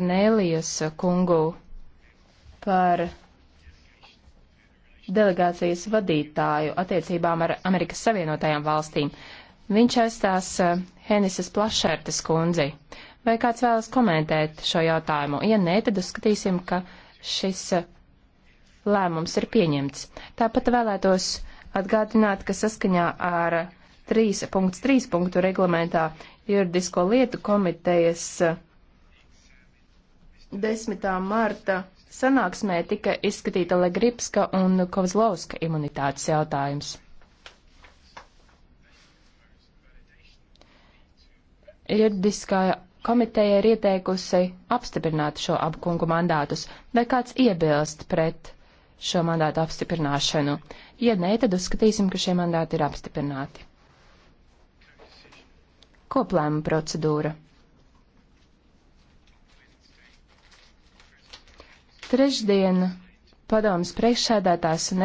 Kornēlijas kungu par delegācijas vadītāju attiecībām ar Amerikas Savienotajām valstīm. Viņš aizstās eh, Henises Plašertes kundzi. Vai kāds vēlas komentēt šo jautājumu? Ja nē, tad uzskatīsim, ka šis eh, lēmums ir pieņemts. Tāpat vēlētos atgādināt, ka saskaņā ar 3.3. punktu reglamentā juridisko lietu komitejas eh, 10. marta sanāksmē tika izskatīta Legripska un Kovzlovska imunitātes jautājums. Juridiskā komiteja ir ieteikusi apstiprināt šo abu kungu mandātus. Vai kāds iebilst pret šo mandātu apstiprināšanu? Ja nē, tad uzskatīsim, ka šie mandāti ir apstiprināti. Koplēma procedūra. Trešdien padomas priekšsēdētājs un